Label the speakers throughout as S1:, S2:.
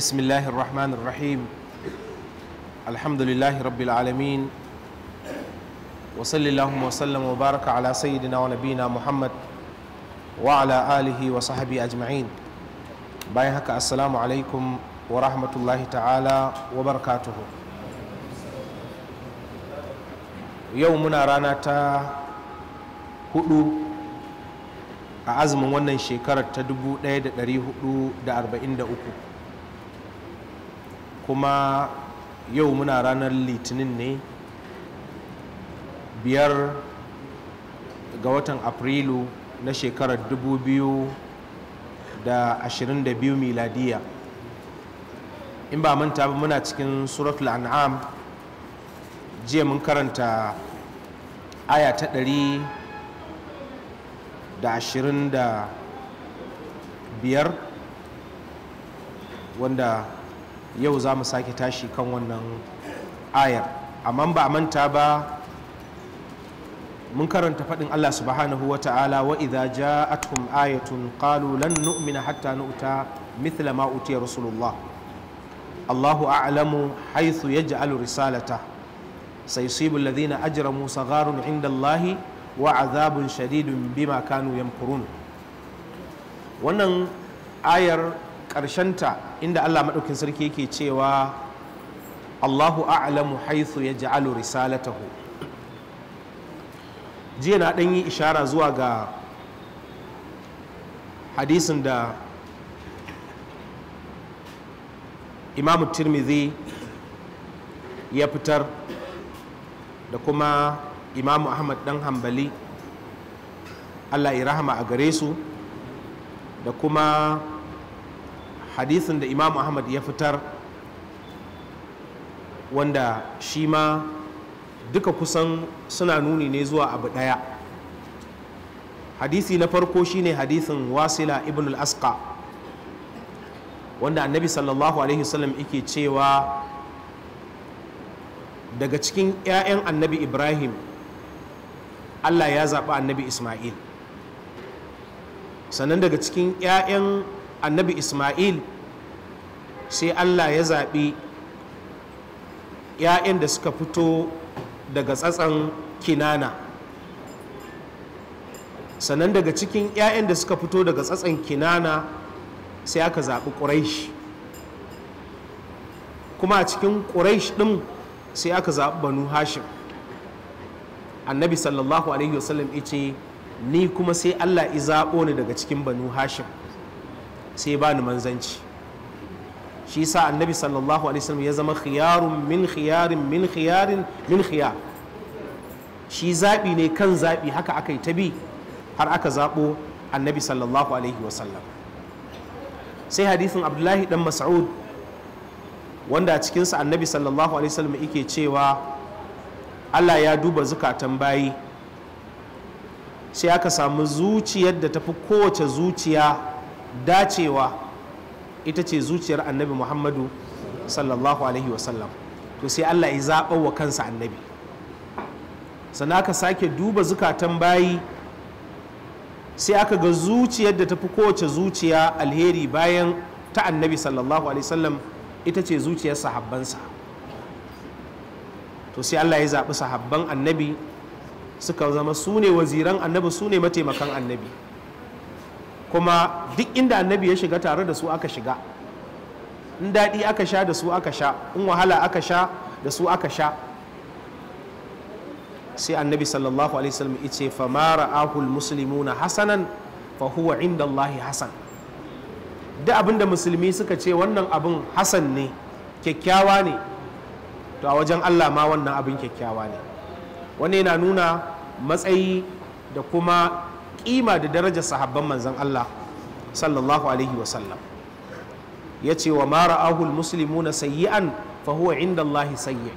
S1: بسم الله الرحمن الرحيم الحمد لله رب العالمين وصل اللهم وسلم وبارك على سيدنا ونبينا محمد وعلى آله وصحبه أجمعين باي هكا السلام عليكم ورحمة الله تعالى وبركاته يومنا رانا تا هدو a azumin wannan shekarar ta 1443 kuma yau muna ranar litinin ne biyar ga watan afrilu na shekarar 2022 miladiya in ba manta ba muna cikin suratul an'am jiya mun karanta aya ta ɗari da ashirin da biyar wanda yau za mu sake tashi kan wannan ayar amma ba a manta ba mun karanta faɗin Allah subhanahu wa ta'ala wa idza ja'atuhum ayatun qalu lan nu'mina hatta nu'ta mithla ma utiya rasulullah Allahu a'lamu haythu yaj'alu risalata sayusibu alladhina ajramu sagharun 'inda Allah wa azabin shadidun bima kanu yamkurun wannan ayar ƙarshenta inda Allah maɗaukin sarki yake cewa Allahu a'lamu haithu ya ja'alu risalatahu jiya na ɗan yi ishara zuwa ga hadisin da imamu tirmidhi ya fitar da kuma imamu ahmad ɗan hambali Allah ya rahama a gare su da kuma hadisin da imam ahmad ya fitar wanda shi ma duka kusan suna nuni ne zuwa abu ɗaya hadisi na farko shine hadisin wasila ibn al-asqa wanda annabi sallallahu alaihi wasallam yake cewa daga cikin 'ya'yan annabi ibrahim allah ya zaɓi annabi ismail sannan daga cikin 'ya'yan annabi isma'il sai allah ya zaɓi 'ya'yan da suka fito daga tsatsan kinana sannan daga cikin 'ya'yan da suka fito daga tsatsan kinana sai aka zaɓi ƙuraish kuma a cikin ƙuraish ɗin sai aka zaɓi banu hashim annabi sallallahu alaihi wasallam ya ce ni kuma sai allah zaɓo ni daga cikin banu hashim sai ba ni manzanci shi sa annabi sallallahu alaihi wasallam ya zama khiyarun min khiyarin min khiyarin min khiya shi zaɓi ne kan zaɓi haka aka yi ta bi har aka zaɓo annabi sallallahu alaihi wasallam sai hadisin abdullahi dan mas'ud wanda a sa annabi sallallahu alaihi wasallam yake cewa allah ya duba zukatan bayi sai aka samu zuciyar da tafi kowace zuciya dacewa ita ce zuciyar annabi muhammadu sallallahu alaihi wasallam to sai allah ya zaɓa wa kansa annabi sannan aka sake duba zukatan bayi sai aka ga zuciyar da ta fi kowace zuciya alheri bayan ta annabi sallallahu alaihi wasallam ita ce zuciyar sahabbansa to sai allah ya zaɓi sahabban annabi suka zama su ne waziran annabi su ne mataimakan annabi kuma duk inda annabi ya shiga tare da su aka shiga in daɗi aka sha da su aka sha in wahala aka sha da su aka sha sai annabi sallallahu alaihi wasallam ce fa mara ahul muslimuna hasanan fa huwa inda allahi hasan duk abinda musulmi suka ce wannan abin hasan ne kyakkyawa ne to a wajen Allah ma wannan abin kyakkyawa ne wani yana nuna matsayi da kuma kima da darajar sahabban manzan Allah sallallahu alaihi wasallam ya ce wa mara ahul musulmi na sayyi'an fahuwa inda Allah sayyi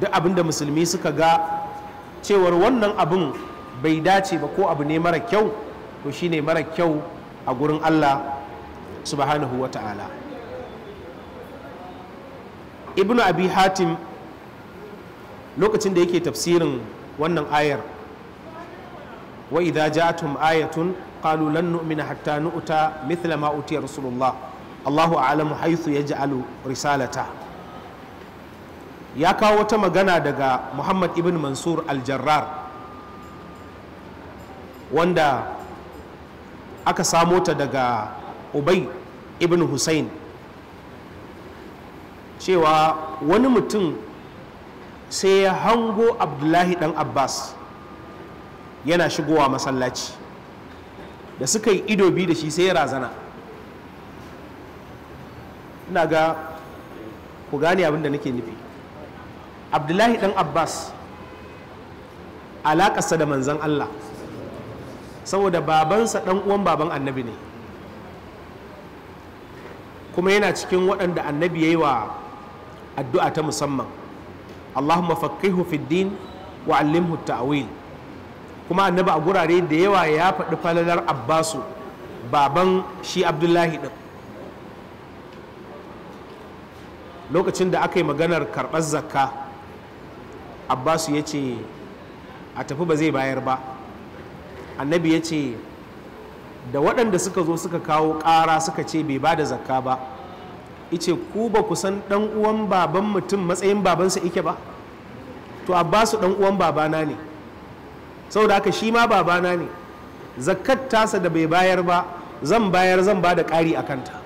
S1: duk abinda musulmi suka ga cewar wannan abin bai dace ba ko abu ne mara kyau to shine mara kyau a gurin Allah subhanahu wa ta'ala ibnu abi hatim lokacin da yake tafsirin wannan ayar wa idza ja'atum ayatun qalu lan nu'mina hatta nu'ta mithla ma utiya rasulullah Allahu a'lamu haythu yaj'alu risalata ya kawo wata magana daga Muhammad ibn Mansur al-Jarrar wanda aka samo ta daga Ubay ibn Husayn. cewa wani mutum sai ya hango Abdullahi dan Abbas yana shigowa masallaci da suka yi ido biyu da shi sai ya razana ina ga ku gane abin da nake nufi abdullahi dan abbas alaƙarsa da manzan allah saboda babansa dan uwan baban annabi ne kuma yana cikin waɗanda annabi ya yi wa addu'a ta musamman allahumma faqihu fid din wa allimhu ta'wil kuma annabi a gurare da yawa ya faɗi falalar abbasu baban shi abdullahi ɗin lokacin da aka yi maganar karɓar zakka abbasu ya ce a tafi ba zai bayar ba annabi ya ce da waɗanda suka zo suka kawo ƙara suka ce bai ba da zakka ba ice ku ba ku san ɗan uwan baban mutum matsayin babansa ike ba to abbasu ɗan uwan babana ne saboda haka shi ma babana ne zakat tasa da bai bayar ba zan bayar zan ba da ƙari a kanta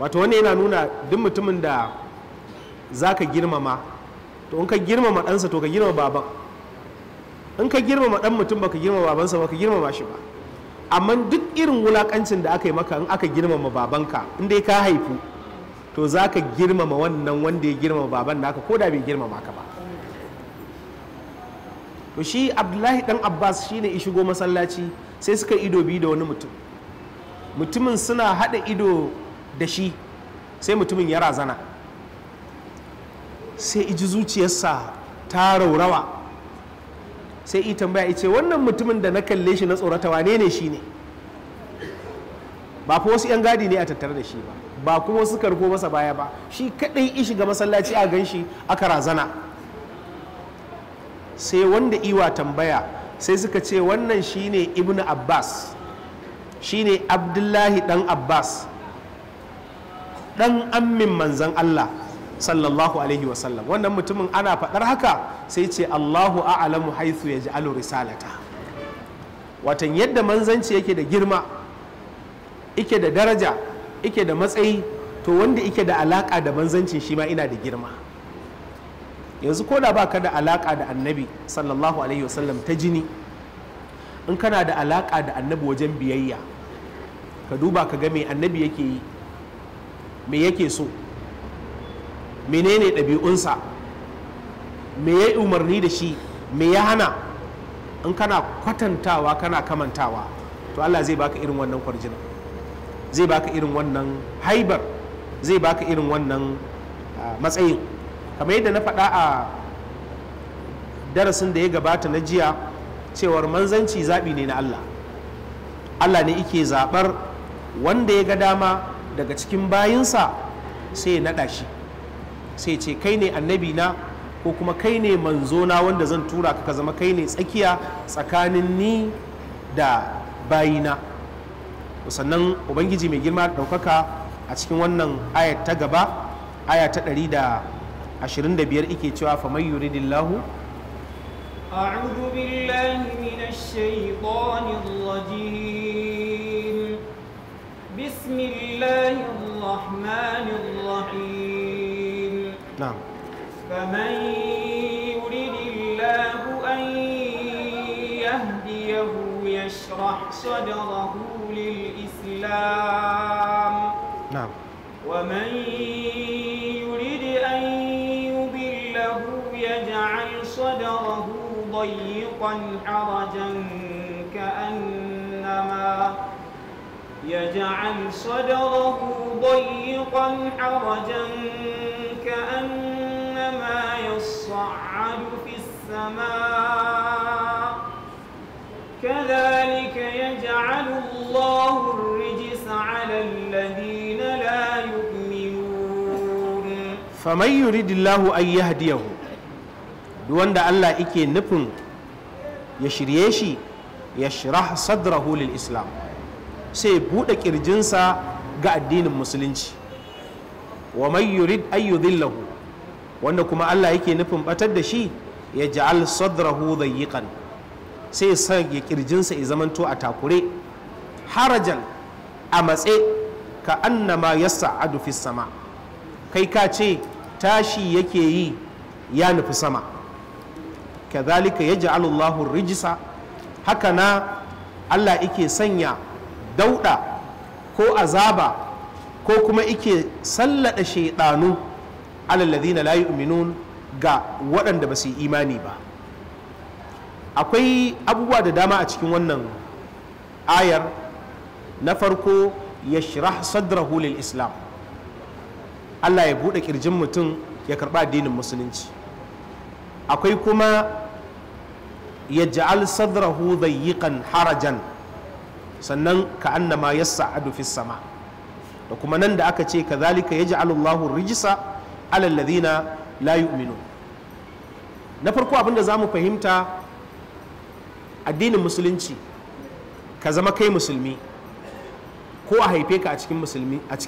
S1: wato wannan yana nuna duk mutumin da za ka girmama to in ka girmama ɗansa to ka girmama baban in ka girmama ɗan mutum ba ka girmama babansa ba ka girmama shi ba amma duk irin wulaƙancin da aka yi maka in aka girmama babanka in dai ka haifu to za ka girmama wannan wanda ya girmama baban naka ko da bai girmama ka ba to shi abdullahi dan abbas shi ne shigo masallaci sai suka ido biyu da wani mutum mutumin suna hada ido da shi sai mutumin ya razana sai iji zuciyarsa ta raurawa sai i tambaya ce wannan mutumin da na kalle shi na tsorata wane ne shi ne ba fa wasu 'yan gadi ne a tattare da shi ba ba kuma wasu karko masa baya ba shi kadai ishi ga masallaci a gan shi aka razana sai wanda iwa tambaya sai suka ce wannan shine ibnu abbas shine abdullahi dan abbas dan ammin manzan allah sallallahu alaihi wasallam wannan mutumin ana faɗar haka sai ce allahu a'lamu haithu ya ji'alu risalata watan yadda manzanci yake da girma ike da daraja ike da matsayi to wanda ike da alaka da manzancin shi ma ina da girma yanzu ko da baka da alaka da annabi sallallahu alaihi wasallam ta jini in kana da alaka da annabi wajen biyayya ka duba ka ga me annabi yake yi me yake so menene ɗabi'unsa me ya umarni da shi me ya hana in kana kwatantawa kana kamantawa to Allah zai baka irin wannan kwarjina zai baka irin wannan haibar zai baka irin wannan ah, matsayin kamar yadda na faɗa a darasin da ya gabata na jiya cewar manzanci zaɓi ne na Allah Allah ne ike zaɓar wanda ya ga dama daga cikin bayinsa sai ya naɗa shi sai ce kai ne annabi na ko kuma kai ne manzona wanda zan tura ka zama kai ne tsakiya tsakanin ni da bayina sannan ubangiji mai girma ɗaukaka a cikin wannan ayat ta gaba aya ta ɗari da عشرين دبير إكي توا فما يريد الله
S2: أعوذ بالله من الشيطان الرجيم بسم الله الرحمن الرحيم نعم فمن يريد الله أن يهديه يشرح صدره للإسلام نعم ومن له يجعل صدره ضيقا حرجا كأنما يجعل صدره ضيقا حرجا كأنما يصعد في السماء كذلك يجعل الله
S1: faman dillahu an yahdiyahu duk wanda Allah ike nufin ya shirye shi ya shira sadrahu lil islam sai buɗe ƙirjinsa ga addinin musulunci wa mai yuri an wanda kuma Allah yake nufin ɓatar da shi ya ja'al sadrahu yiƙan. sai sa ya ƙirjinsa ya zamanto a takure harajan a matse ka annama yas'adu fis sama kai ka ce tashi yake yi ya nufi sama kazalika ya Allahu rijisa haka na Allah ike sanya dauda ko azaba ko kuma ike sallada shaidanu na layi uminun ga waɗanda ba su yi imani ba akwai abubuwa da dama a cikin wannan ayar na farko ya shirah sadrahu lil islam allah ya buɗe ƙirjin mutum ya karɓa addinin musulunci akwai kuma ya ja'al sadrahu dayyiqan harajan sannan ka annama yas'adu fis sama da kuma nan da aka ce kazalika yaj'alu Allahu rijsa ala alladhina la yu'minu na farko abin abinda zamu fahimta addinin musulunci ka zama kai musulmi ko a haife ka a cikin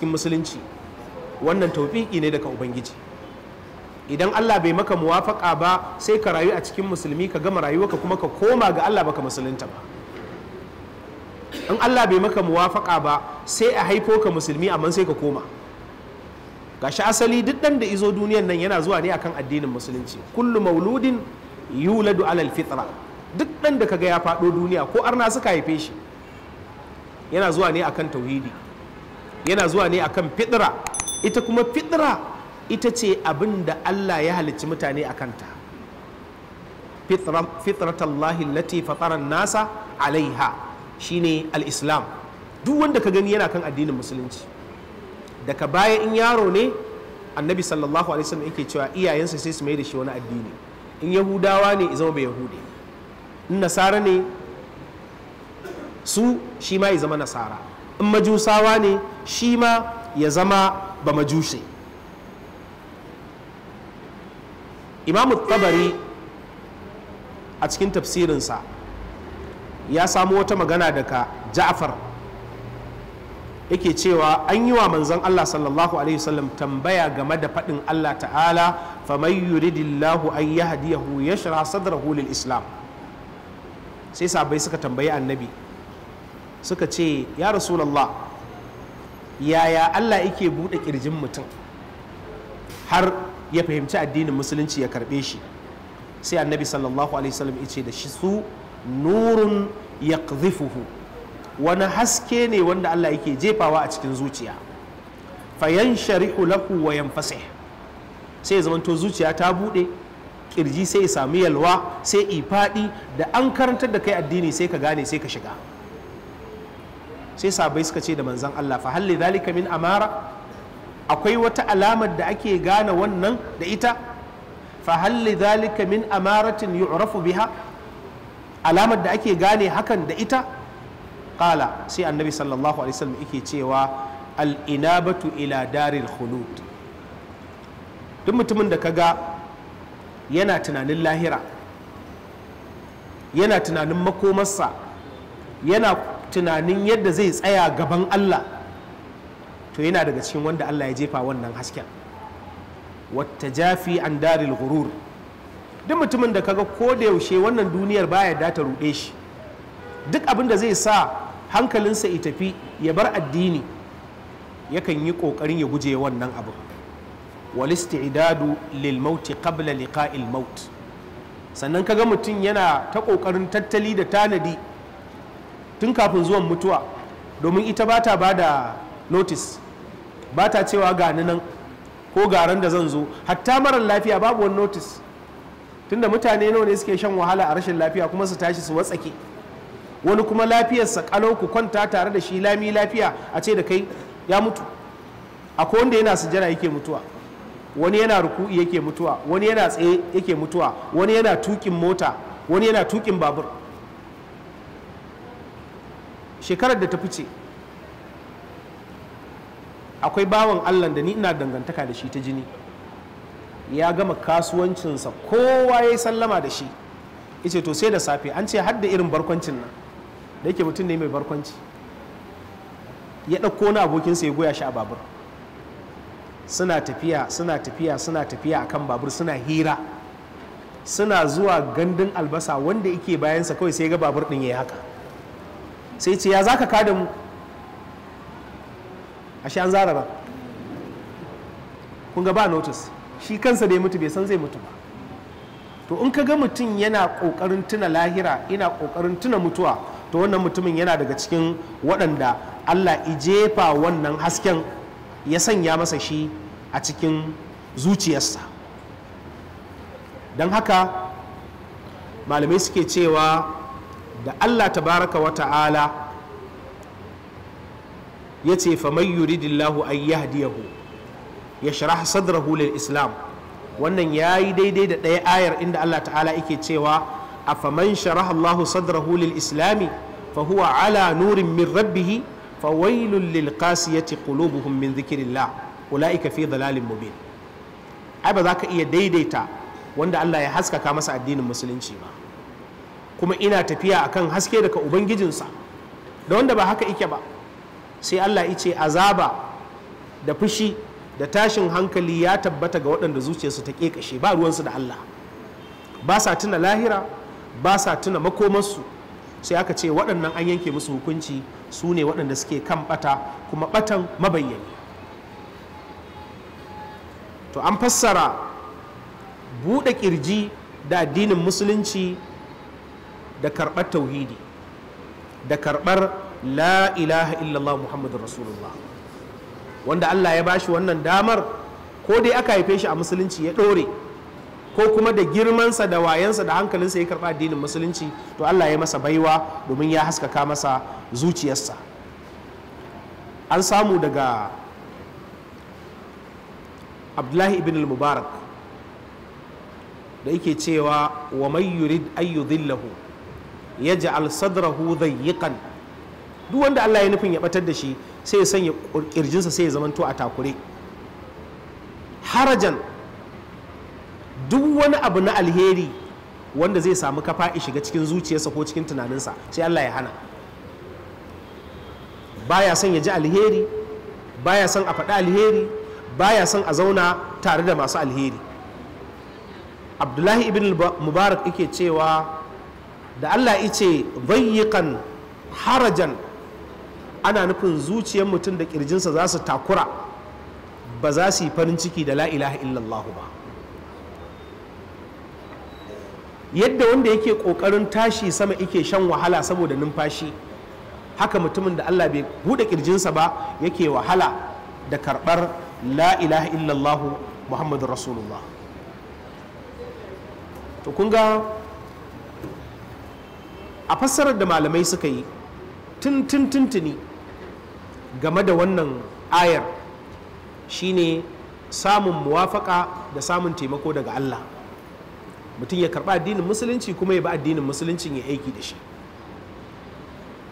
S1: musulunci wannan taufiki ne daga ubangiji idan Allah bai maka muwafaka ba sai ka rayu a cikin musulmi ka gama rayuwarka kuma ka koma ga Allah baka musulunta ba in Allah bai maka muwafaka ba sai a haifo ka musulmi amma sai ka koma gashi asali duk dan da izo duniyan nan yana zuwa ne akan addinin musulunci kullu mauludin yuladu alal fitra duk dan da kaga ya faɗo duniya ko arna suka haife shi yana zuwa ne akan tauhidi yana zuwa ne akan fitra ita kuma fitra ita ce abin da Allah ya halicci mutane a kanta fitratallahi lati fataran nasa alaiha shine al-islam duk wanda ka gani yana kan addinin musulunci daga baya in yaro ne annabi sallallahu alaihi wasallam yake cewa iyayensa sai su mai da shi wani addini in yahudawa ne zama bai yahude in nasara ne su shi ma ya zama nasara in majusawa ne shi ma ya zama ba majushe imamu tabari a cikin tafsirinsa ya samu wata magana daga ja'far yake cewa an yi wa manzon Allah sallallahu alaihi wasallam tambaya game da faɗin Allah ta'ala faman yuridillahu an yahdiyahu yashra sadrahu islam sai sabai suka tambayi annabi suka ce ya rasulallah yaya Allah yake buɗe ƙirjin mutum har ya fahimci addinin musulunci ya karɓe shi sai annabi sallallahu alaihi wasallam ya ce da shi su nurun yaqdhifuhu wani haske ne wanda Allah yake jefawa a cikin zuciya fayan shari'u lahu wa yanfasih sai ya zamanto zuciya ta buɗe kirji sai ya sami yalwa sai ifaɗi da an karantar da kai addini sai ka gane sai ka shiga sai sabai suka ce da manzan Allah fa halli zalika min amara akwai wata alamar da ake gane wannan da ita fa halli zalika min amaratin yu'rafu biha alamar da ake gane hakan da ita qala sai annabi sallallahu alaihi wasallam yake cewa al inabatu ila daril khulud duk mutumin da kaga yana tunanin lahira yana tunanin makomarsa yana tunanin yadda zai tsaya gaban Allah to yana daga cikin wanda Allah ya jefa wannan hasken wata jafi an daril gurur duk mutumin da kaga ko da yaushe wannan duniyar baya da ta ruɗe shi duk abin da zai sa hankalinsa ya tafi ya bar addini yakan yi ƙoƙarin ya guje wannan abu walisti'idadu lil lilmauti qabla liqa'il maut sannan kaga mutum yana ta ƙoƙarin tattali da tanadi tun kafin zuwan mutuwa domin ita ba ta ba da notis ba ta cewa gani nan ko garan da zan zo hatta marar lafiya babu wani notice tunda mutane nawa ne suke shan wahala a rashin lafiya kuma su tashi su watsake wani kuma lafiyarsa kalau ku kwanta tare da shi lami lafiya a ce da kai ya mutu akwai wanda yana sujjara yake mutuwa wani yana ruku'i yake mutuwa wani yana tsaye yake mutuwa wani yana tukin mota wani yana tukin babur shekarar da ta fice akwai bawan allah da ni ina dangantaka da shi ta jini ya gama kasuwancinsa kowa ya yi sallama da shi ice to sai da safe an ce hadda irin barkwancin nan da yake mutum ne mai barkwanci ya ɗauko na abokinsa ya goya shi a babur suna tafiya suna tafiya suna tafiya a kan babur suna hira suna zuwa gandun albasa wanda yake bayansa kawai sai ga babur ɗin ya yi haka sai ce ya zaka ka mu mu shi an zara ba kun ga ba notice shi kansa da ya mutu bai san zai mutu ba to in ka ga mutum yana kokarin tuna lahira ina kokarin tuna mutuwa to wannan mutumin yana daga cikin waɗanda Allah ijefa wannan hasken ya sanya masa shi a cikin zuciyarsa don haka malamai suke cewa da Allah tabaraka wa ta'ala ya ce faman yuridillahu an yahdiyahu ya sharah sadrahu lil islam wannan ya yi daidai da ɗaya ayar inda Allah ta'ala yake cewa a faman sharaha Allahu sadrahu lil islami fa huwa ala nurin min rabbihi fa wailul lil qasiyati qulubuhum min dhikrillah ulaika fi dhalalin mubin ai ba za ka iya daidaita wanda Allah ya haskaka masa addinin musulunci ba kuma ina tafiya akan haske daga ubangijinsa da wanda ba haka ike ba sai Allah ice azaba da fushi da tashin hankali ya tabbata ga waɗanda zuciyarsu ta ƙeƙashe ba ruwansu da Allah ba sa tuna lahira ba sa tuna makomarsu sai aka ce waɗannan an yanke musu hukunci su ne waɗanda suke kan ɓata kuma ɓatan mabayyani to an fassara buɗe ƙirji da addinin musulunci da karɓar tauhidi da karɓar la ilaha illallah muhammadun rasulullah wanda allah ya bashi wannan damar ko dai aka haife shi a musulunci ya ɗore ko kuma da girmansa da wayansa da hankalinsa ya karɓa addinin musulunci to allah ya masa baiwa domin ya haskaka masa zuciyarsa an samu daga abdullahi ibn al-mubarak da yake cewa wa mai yurid ayyudillahu ya ji zai yi kan duk wanda Allah ya nufin ya batar da shi sai ya sanya kirjinsa sai ya zamanto a takure harajan duk wani abu na alheri wanda zai samu kafa ya shiga cikin zuciyarsa ko cikin tunaninsa sai Allah ya hana baya son ya ji alheri baya son a faɗi alheri baya son a zauna tare da masu alheri abdullahi ibn mubarak yake cewa da Allah ice bayyikan harajan ana nufin zuciyar mutum da kirjinsa za su takura ba za su yi farin ciki da lailaha ilaha illallah ba yadda wanda yake ƙoƙarin tashi sama yake shan wahala saboda numfashi haka mutumin da Allah bai bude kirjinsa ba yake wahala da karɓar lailaha ilaha illallah muhammadun rasulullah to ga a fassarar da malamai suka yi tun game da wannan ayar shine samun muwafaka da samun taimako daga Allah mutum ya karba addinin musulunci kuma ya bi addinin musuluncin ya aiki da shi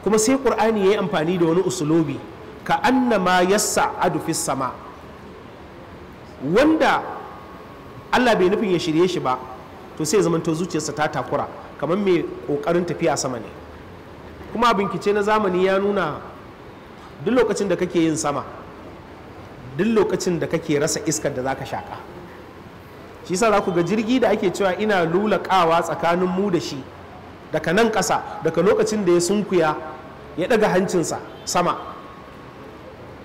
S1: kuma sai ƙur'ani ya yi amfani da wani usulobi ka annama yassa fis sama wanda Allah bai nufin ya shirye shi ba to sai ya zamanto zuciyarsa ta takura kamar mai kokarin tafiya sama ne kuma bincike na zamani ya nuna duk lokacin da kake yin sama duk lokacin da kake rasa iskar da zaka shaka shi sa za ku ga jirgi da ake cewa ina lulakawa tsakanin mu da shi daga nan ƙasa daga lokacin da ya sunkuya ya daga hancinsa sama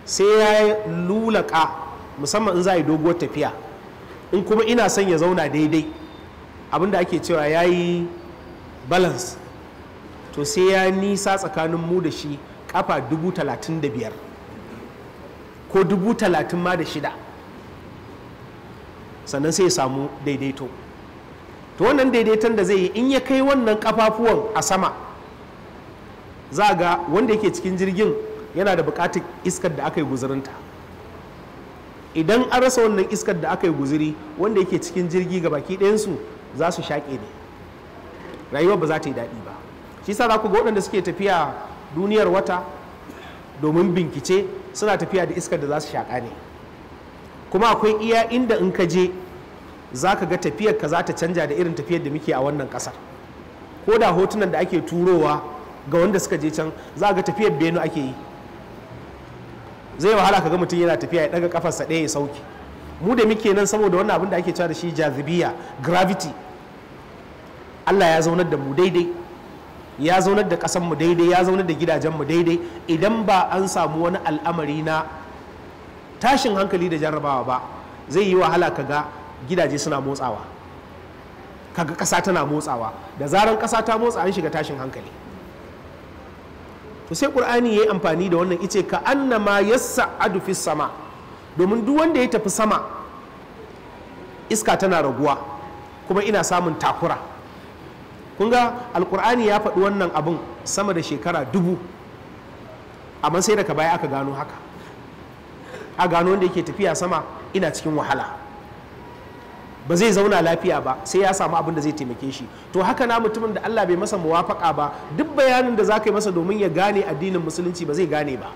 S1: sai ya lulaka musamman in za a yi doguwar tafiya in kuma ina son ya zauna daidai abinda ake cewa ya yi balance to sai ya nisa tsakanin mu da shi kafa dubu talatin da biyar ko dubu talatin ma da shida sannan sai ya samu daidaito to wannan daidaiton da zai yi in ya kai wannan kafafuwan a sama za ga wanda yake cikin jirgin yana da bukatar iskar da aka yi guzurinta idan an rasa wannan iskar da aka yi guziri wanda yake cikin jirgi ga baki ɗayansu za su shaƙe ne rayuwa ba za ta yi daɗi ba shi sa za ku ga waɗanda suke tafiya duniyar wata domin binkice suna tafiya da iskar da za su shaƙa ne kuma akwai iya inda in ka je za ka ga tafiyar ka za ta canja da irin tafiyar da muke a wannan ƙasar ko da hotunan da ake turowa ga wanda suka je can za ga tafiyar benu ake yi zai wahala ka ga mutum yana tafiya ya ɗaga kafarsa ɗaya ya sauki mu da muke nan saboda wannan abin da ake cewa da shi jazibiya gravity Allah ya zaunar da mu daidai ya zaunar da ƙasar mu daidai ya zaunar da gidajen mu daidai idan ba an samu wani al'amari na tashin hankali da jarrabawa ba zai yi wahala ka ga gidaje suna motsawa ka ga ƙasa tana motsawa da zaran ƙasa ta motsa an shiga tashin hankali to sai qur'ani yayi amfani da wannan ice ka annama adu fis sama domin duk wanda ya tafi sama iska tana raguwa kuma ina samun takura kun ga alkur'ani ya faɗi wannan abun sama da shekara dubu amma sai daga baya aka gano haka a gano wanda yake tafiya sama ina cikin wahala ba zai zauna lafiya ba sai ya samu abin da zai taimake shi to haka na mutumin da Allah bai masa muwafaka ba duk bayanin da za ka yi masa domin ya gane addinin musulunci ba zai gane ba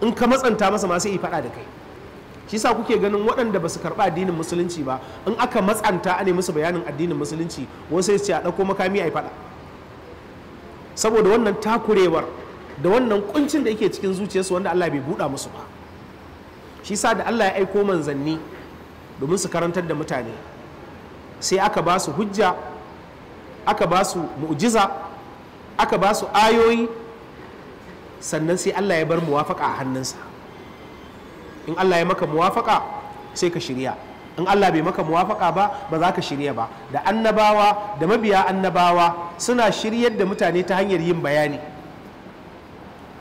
S1: in ka matsanta masa ma sai yi faɗa da kai shi sa kuke ganin waɗanda ba su karɓa addinin musulunci ba in aka matsanta a ne musu bayanin addinin musulunci wasu sai ce a ɗauko makami a faɗa saboda wannan takurewar da wannan kuncin da yake cikin zuciyarsu wanda Allah bai buɗa musu ba shi sa da Allah ya aiko manzanni domin su karantar da mutane sai aka ba su hujja aka ba su mu'jiza aka ba su ayoyi sannan sai Allah ya bar muwafaka a hannunsa in Allah ya maka muwafaka sai ka shirya in Allah bai maka muwafaka ba ba za ka shirya ba da annabawa da mabiya annabawa suna shiryar da mutane ta hanyar yin bayani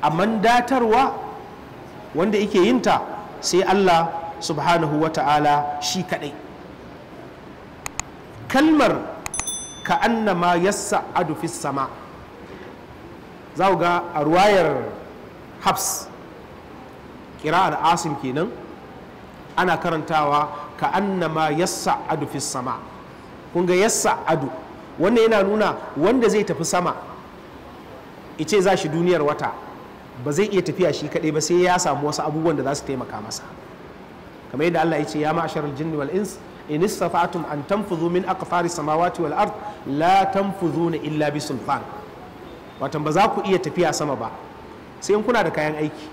S1: amma datarwa wanda yake yinta sai Allah subhanahu wa ta'ala shi kadai kalmar ka annama yassa adu sama za ga a ruwayar hafs. Kira asim kenan ana karantawa ka annama adu fis sama kun ga adu wannan yana nuna wanda zai tafi sama ice za shi duniyar wata ba zai iya tafiya shi kadai ba sai ya samu wasu abubuwan da za su taimaka masa kamar yadda Allah ya ce ya ma'ashar jinni wal ins in istafa'tum an tanfudhu min aqfari samawati wal ard la tanfudhuna illa bi sultan watan ba za ku iya tafiya sama ba sai in kuna da kayan aiki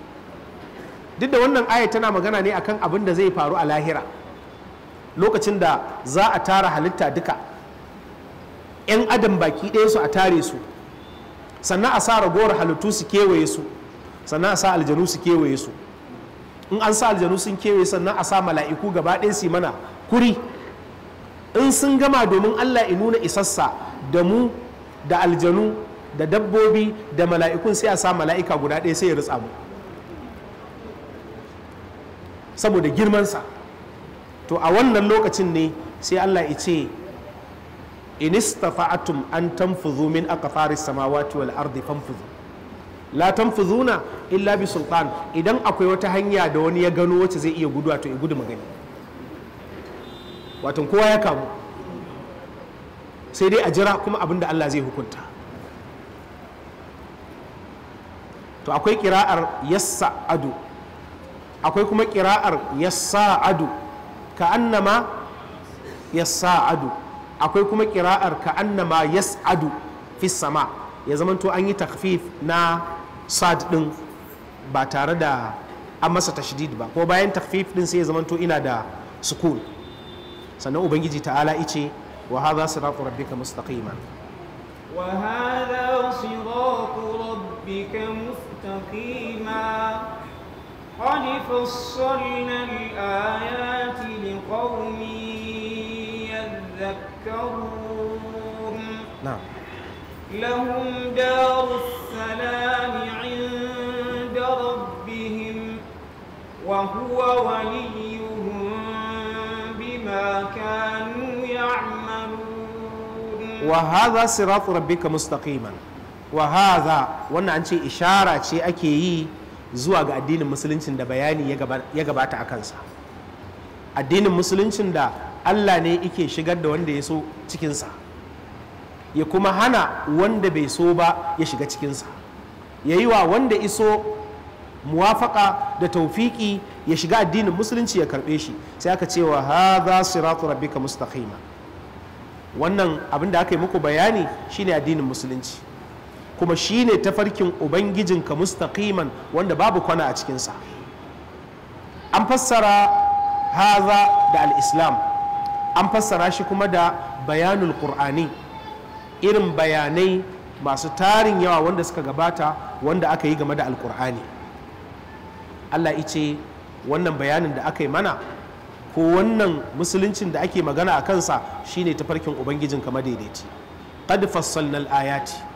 S1: duk da wannan aya tana magana ne akan abin da zai faru a lahira lokacin da za a tara halitta duka 'yan adam baki ɗaya su a tare su sannan a sa ragowar halittu su kewaye su sannan a sa aljanu su kewaye su in an sa aljanu sun kewaye sannan a sa mala'iku gaba ɗaya su mana kuri in sun gama domin allah ya nuna isassa da mu da aljanu da dabbobi da mala'ikun sai a sa mala'ika guda ɗaya sai ya ritsa mu saboda girmansa to a wannan lokacin ne sai Allah ya ce in istafa'atum an tanfuzu min aqfari samawati wal ardi fanfuzu la tanfuzuna illa bi sultan idan akwai wata hanya da wani ya gano wacce zai iya guduwa to ya gudu magani wato kowa ya kamu sai dai a jira kuma abin da Allah zai hukunta to akwai kira'ar yassa'adu akwai kuma kiraar ya sa'adu ka annama sa'adu akwai kuma kiraar ka annama sa'adu fi sama ya zamanto an yi takfif na sad ɗin ba tare da an masa tashdid ba ko bayan takfif din sai ya zamanto ina da sukun sannan ubangiji ta'ala ice wa hadha siratu rabbika mustaqima
S2: wa hadha siratu rabbika mustaqima قد فصلنا الآيات لقوم يذكرون نعم لهم دار السلام عند ربهم وهو وليهم بما كانوا يعملون
S1: وهذا صراط ربك مستقيما وهذا وانا انشي اشاره شيء اكيد zuwa ga addinin musuluncin da bayani ya gabata a kansa addinin musuluncin da allah ne yake shigar da wanda ya so cikinsa ya kuma hana wanda bai so ba ya shiga cikinsa ya yi wa wanda iso muwafaka da taufiki ya shiga addinin musulunci ya karbe shi sai aka cewa ha za su ratu rabbika mustaqima wannan abin da aka yi muku bayani shine addinin musulunci kuma shi shine tafarkin ubangijinka mustaqiman wanda babu kwana a cikinsa an fassara haza da al-islam an fassara shi kuma da bayanul qur'ani irin bayanai masu tarin yawa wanda suka gabata wanda aka yi game da alkur'ani allah ice wannan bayanin da aka yi mana ko wannan musuluncin da ake magana a kansa shine tafarkin ubangijin kama madaidaici. qad fassalna ayati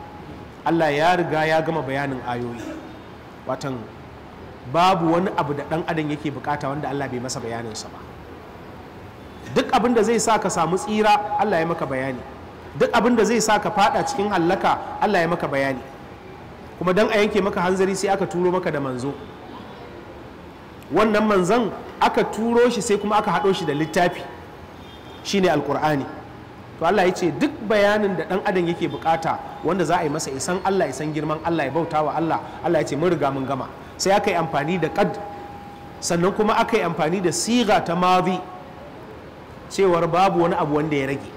S1: Allah ya riga ya gama bayanin ayoyi watan babu wani abu da ɗan adam yake bukata wanda Allah bai masa bayaninsa ba duk abin da zai sa ka samu tsira Allah ya maka bayani duk abin da zai sa ka fada cikin hallaka Allah ya maka bayani kuma dan a yanke maka hanzari sai aka turo maka da manzo wannan manzon aka turo shi sai kuma aka hado shi da littafi shine alkur'ani to Allah ya ce duk bayanin da ɗan adam yake bukata wanda za a yi masa isan Allah isan girman Allah ya bauta wa Allah Allah ya ce mun riga mun gama sai aka yi amfani da qad sannan kuma aka yi amfani da siga ta mavi cewar babu wani abu wanda ya rage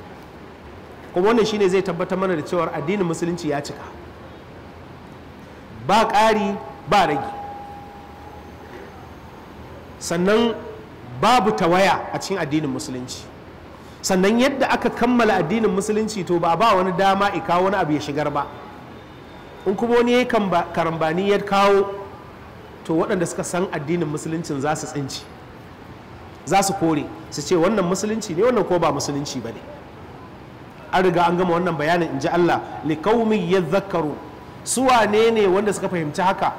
S1: kuma wannan shine zai tabbatar mana da cewar addinin musulunci ya cika ba ƙari ba rage sannan babu tawaya a cikin addinin musulunci sannan yadda aka kammala addinin musulunci to ba ba wani dama i kawo wani abu ya shigar ba in kuma wani ya karambani ya kawo to waɗanda suka san addinin musuluncin za su tsinci za su kore su ce wannan musulunci ne wannan ko ba musulunci ba ne an riga an gama wannan bayanin in ji Allah likaumin ya zakaru su wane ne wanda suka fahimci haka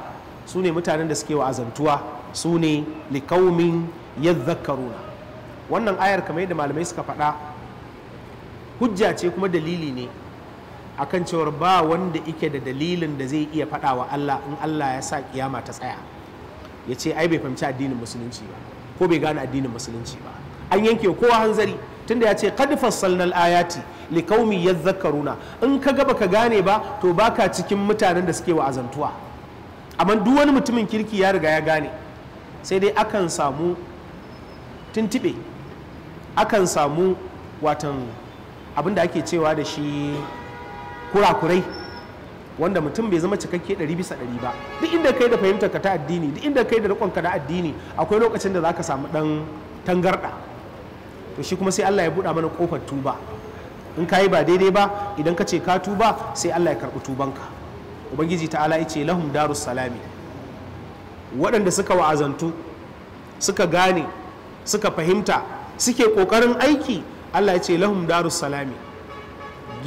S1: su ne mutanen da suke wa azantuwa su ne likaumin ya zakaruna wannan ayar kamar yadda malamai suka faɗa hujja ce kuma dalili ne akan cewar ba wanda ike da dalilin da zai iya faɗa wa Allah in Allah ya sa kiyama ta tsaya ya ce ai bai fahimci addinin musulunci ba ko bai gane addinin musulunci ba an yanke kowa hanzari tunda ya ce kad fassalnal ayati li qaumi yadhakkaruna in ka ga baka gane ba to baka cikin mutanen da suke wa'azantuwa amma duk wani mutumin kirki ya riga ya gane sai dai akan samu tuntube. akan samu watan abin da ake cewa da shi kurakurai wanda mutum bai zama cikakke ɗari bisa ɗari ba duk inda kai da fahimtar ka ta addini duk inda kai da rikon ka na addini akwai lokacin da za ka samu ɗan tangarɗa to shi kuma sai Allah ya buɗa mana ƙofar tuba in ka yi ba daidai ba idan ka ce ka tuba sai Allah ya karɓi tubanka ubangiji ta'ala ya ce lahum darus salami waɗanda suka wa'azantu suka gane suka fahimta suke ƙoƙarin aiki Allah ya ce lahum daru salami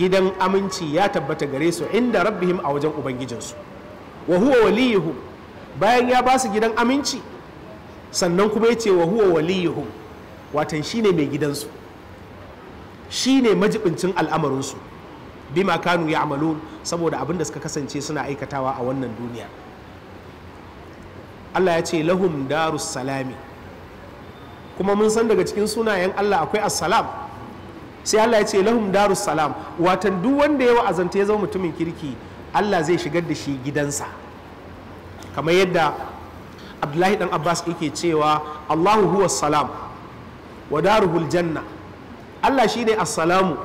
S1: gidan aminci ya tabbata gare su inda rabbihim a wajen ubangijinsu wa huwa waliyuhum bayan ya ba su gidan aminci sannan kuma ya ce wa huwa waliyuhum watan shine mai gidansu shine majibincin al'amarinsu bima kanu ya amalu saboda abin da suka kasance suna aikatawa a wannan duniya Allah ya ce lahum daru salami kuma mun san daga cikin sunayen Allah akwai assalam sai Allah ya ce lahum darus salam watan duk wanda ya wa'azanta ya zama mutumin kirki Allah zai shigar da shi gidansa kamar yadda Abdullahi dan Abbas yake cewa Allahu huwa salam wa daruhul janna Allah shine assalamu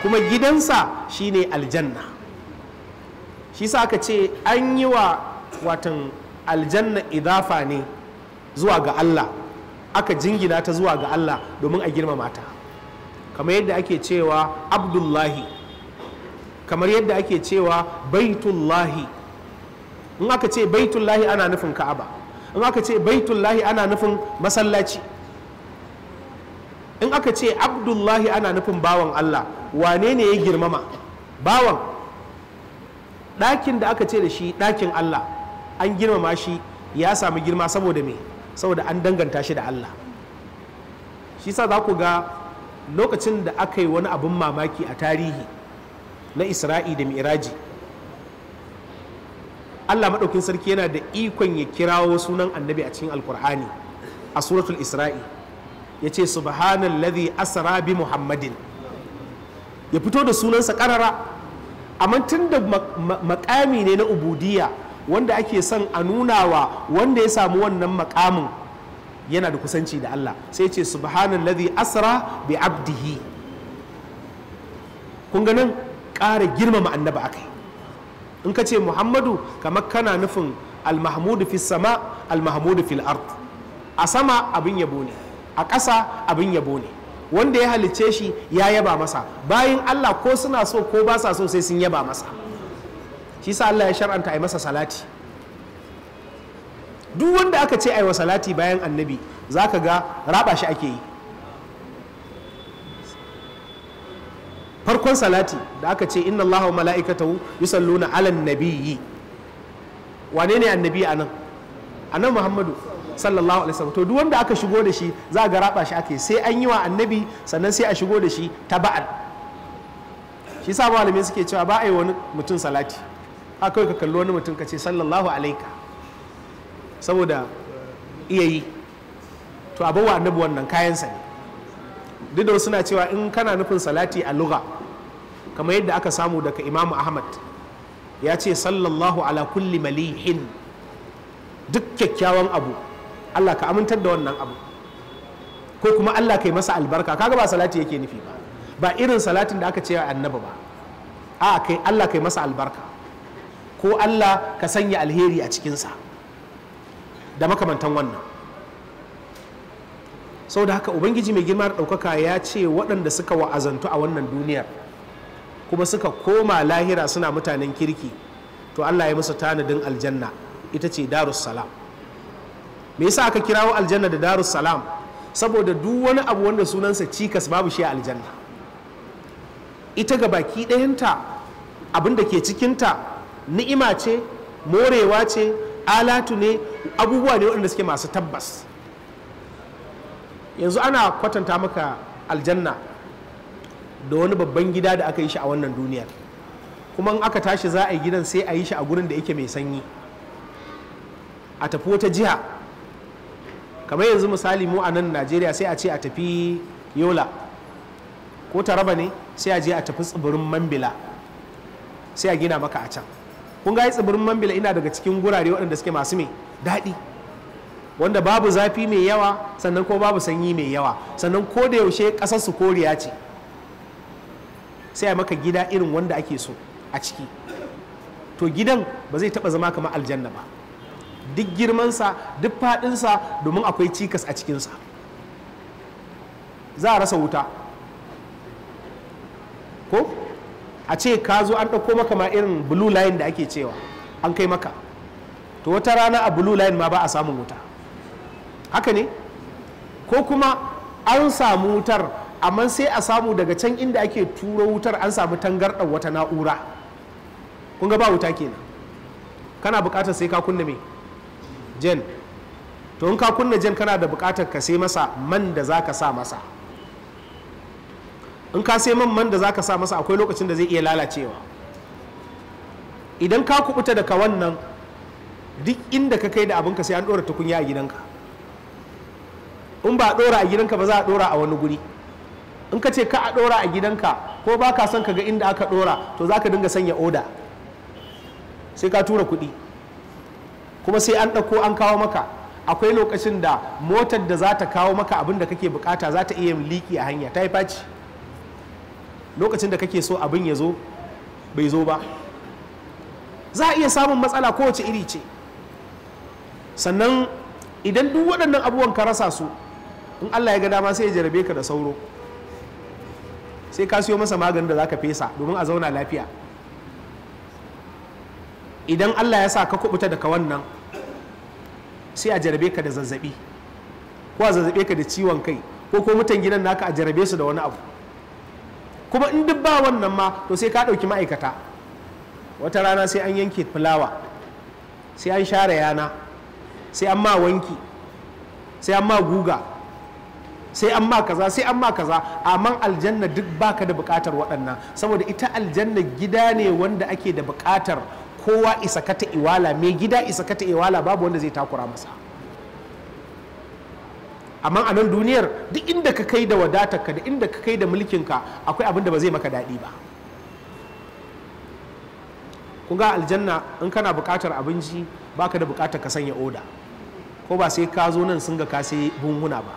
S1: kuma gidansa shine aljanna shi sa aka ce an yi wa watan aljanna idafa ne zuwa ga Allah aka jingina ta zuwa ga Allah domin a girmama ta kamar yadda ake cewa abdullahi kamar yadda ake cewa baitullahi in aka ce baitullahi ana nufin ka'aba in aka ce baitullahi ana nufin masallaci in aka ce abdullahi ana nufin bawan Allah wane ne ya girmama bawan ɗakin da aka ce da shi ɗakin Allah an girmama shi ya sami girma saboda me saboda an danganta shi da Allah shi sa za ku ga lokacin da aka yi wani abin mamaki a tarihi na isra'i da mi'raji Allah maɗaukin sarki yana da ikon ya kirawo sunan annabi a cikin alkur'ani a suratul isra'i ya ce subhanallazi asara bi muhammadin ya fito da sunansa ƙarara amma tun da makami ne na ubudiyya wanda ake son a nuna wa wanda ya samu wannan makamin yana da kusanci da Allah sai ce ladhi asra bi abdihi kun ga nan ƙara girmama annaba akai in ka ce muhammadu kamar kana nufin almahmudu fi sama almahmudu fil ard a sama abin yabo ne a ƙasa abin yabo ne wanda ya halicce shi ya yaba masa bayan Allah ko suna so ko ba sa so sai sun yaba masa shi sa Allah ya shar'anta a masa salati duk wanda aka ce a wa salati bayan annabi za ka ga raba shi ake yi farkon salati da aka ce inna Allah wa mala'ikatahu yusalluna ala nabiyyi wane ne annabi a nan a nan muhammadu sallallahu alaihi wasallam to duk wanda aka shigo da shi za ga raba shi ake sai an yi wa annabi sannan sai a shigo da shi taba'an shi sa malamai suke cewa ba a yi wani mutum salati kawai ka kalli wani mutum ka ce sallallahu alaika saboda uh, iya yi to abin wa annabi wannan kayansa ne duk da suna cewa in kana nufin salati a lugha kamar yadda aka samu daga imamu ahmad ya ce sallallahu ala kulli malihin duk kyakkyawan abu allah ka amintar da wannan abu ko kuma allah ka yi masa albarka kaga ba salati yake nufi ba ba irin salatin da aka ce annaba ba a kai allah ka yi masa albarka ko Allah ka sanya alheri a cikinsa da makamantan wannan sau da haka ubangiji mai girma da ɗaukaka ya ce waɗanda suka wa'azantu a wannan duniyar kuma suka koma lahira suna mutanen kirki to Allah ya musu tanadin aljanna ita ce darussalam me yasa aka kirawo aljanna da darussalam saboda duk wani abu wanda sunansa cikas babu shi a aljanna ita ga baki ɗayanta abin da ke cikinta ni'ima ce morewa ce alatu ne abubuwa ne waɗanda suke masu tabbas yanzu ana kwatanta maka aljanna da wani babban gida da aka yi shi a wannan duniyar kuma in aka tashi za a yi gidan sai a yi shi a gurin da yake mai sanyi a tafi wata jiha kamar yanzu misali mu a nan najeriya sai a ce a tafi yola ko taraba ne sai a je a tafi tsibirin mambila sai a gina maka a can kun ga tsibirin mambila ina daga cikin gurare waɗanda suke masu mai daɗi wanda babu zafi mai yawa sannan ko babu sanyi mai yawa sannan ko da yaushe ƙasar su koriya ce sai a maka gida irin wanda ake so a ciki to gidan ba zai taɓa zama kamar aljanna ba duk girmansa duk faɗinsa domin akwai cikas a cikinsa za a rasa wuta ko a ce ka zo an ɗauko maka ma irin blue line da ake cewa an kai maka to wata rana a blue line ma ba a samun wuta haka ne ko kuma an samu wutar amma sai a samu daga can inda ake turo wutar an samu tangarɗar wata na'ura kun ga ba wuta kenan kana buƙatar sai ka kunna me jen to in ka kunna jen kana da buƙatar ka sai masa man da za ka sa masa in ka sai man man da zaka sa masa akwai lokacin da zai iya lalacewa idan ka kubuta daga wannan duk inda ka kai da abinka sai an dora tukunya a gidanka in ba a dora a gidanka ba za a dora a wani guri in ka ce ka a dora a gidanka ko ba ka son ka ga inda aka dora to za ka dinga sanya oda sai ka tura kuɗi kuma sai an ɗauko an kawo maka akwai lokacin da motar da za ta kawo maka abin da kake bukata za ta iya liki a hanya ta yi faci lokacin da kake so abin ya zo bai zo ba za a iya samun matsala kowace iri ce sannan idan duk waɗannan abubuwan ka rasa su in allah ya ga dama sai ya jarabe ka da sauro sai ka siyo masa maganin da za ka fesa domin a zauna lafiya idan allah ya sa ka kubuta daga wannan sai a jarabe ka da zazzabi ko a zazzabe ka da ciwon kai ko ko mutan gidan naka a jarabe su da wani abu kuma in duk ba wannan ma to sai ka ɗauki ma'aikata wata rana sai an yanke fulawa sai an share yana sai an ma wanki sai an ma guga sai an ma kaza sai an ma kaza amma aljanna duk baka da bukatar waɗannan saboda ita aljanna gida ne wanda ake da bukatar kowa isa kata iwala mai gida isa kata iwala babu wanda zai takura masa amma a nan duniyar duk inda ka kai da wadatarka da inda ka kai da mulkinka akwai abin da ba zai maka daɗi ba kun ga aljanna in kana buƙatar abinci ba ka da buƙatar ka sanya oda ko ba sai ka zo nan sun ga ka sai bunguna ba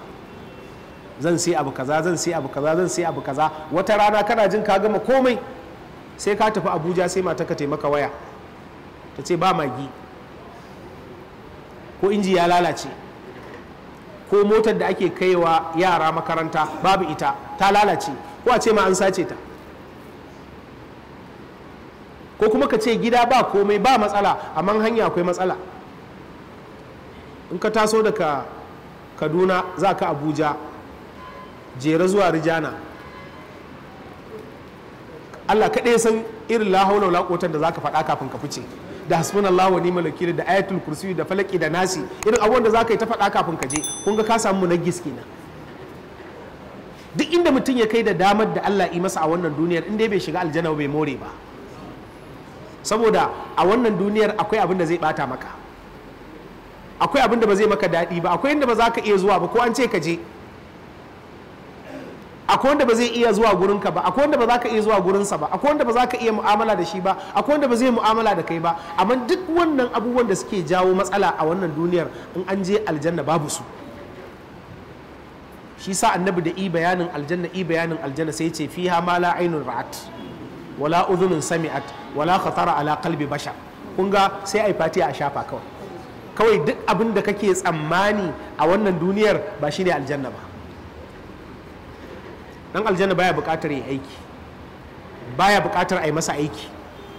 S1: zan sai abu kaza zan sai abu kaza zan sai abu kaza wata rana kana jin ka gama komai sai ka tafi abuja sai mata ka taimaka waya ta ce ba magi ko inji ya lalace ko motar da ake kaiwa yara makaranta babu ita ta lalace ko a ce ma an sace ta ko kuma ka ce gida ba komai ba matsala amma hanya akwai matsala in ka taso daga kaduna za ka abuja jera zuwa rijana allah kaɗai san irin lahaula laƙotar da za ka faɗa kafin ka fice da hasbunallahu wa ni'mal wakil da ayatul kursi da falaki da nasi irin abubuwan da zaka yi ta faɗa kafin ka je kun ga ka samu munajjis kenan duk inda mutum ya kai da damar da Allah yi masa a wannan duniyar inda bai shiga aljanna bai more ba saboda a wannan duniyar akwai abin da zai bata maka akwai abin da ba zai maka daɗi ba akwai inda ba za ka iya zuwa ba ko an ce ka je akwai wanda ba zai iya zuwa gurinka ba akwai wanda ba za ka iya zuwa gurinsa ba akwai wanda ba za ka iya mu'amala da shi ba akwai wanda ba zai mu'amala da kai ba amma duk wannan abubuwan da suke jawo matsala a wannan duniyar in an je aljanna babu su shi sa annabi da i bayanin aljanna i bayanin aljanna sai ce fiha ma la ainun ra'at wala udhunun sami'at wala khatara ala qalbi bashar kun ga sai ai fatiha a shafa kawai kawai duk abin da kake tsammani a wannan duniyar ba shi ne aljanna ba dan aljanna baya buƙatar yi aiki baya buƙatar a yi masa aiki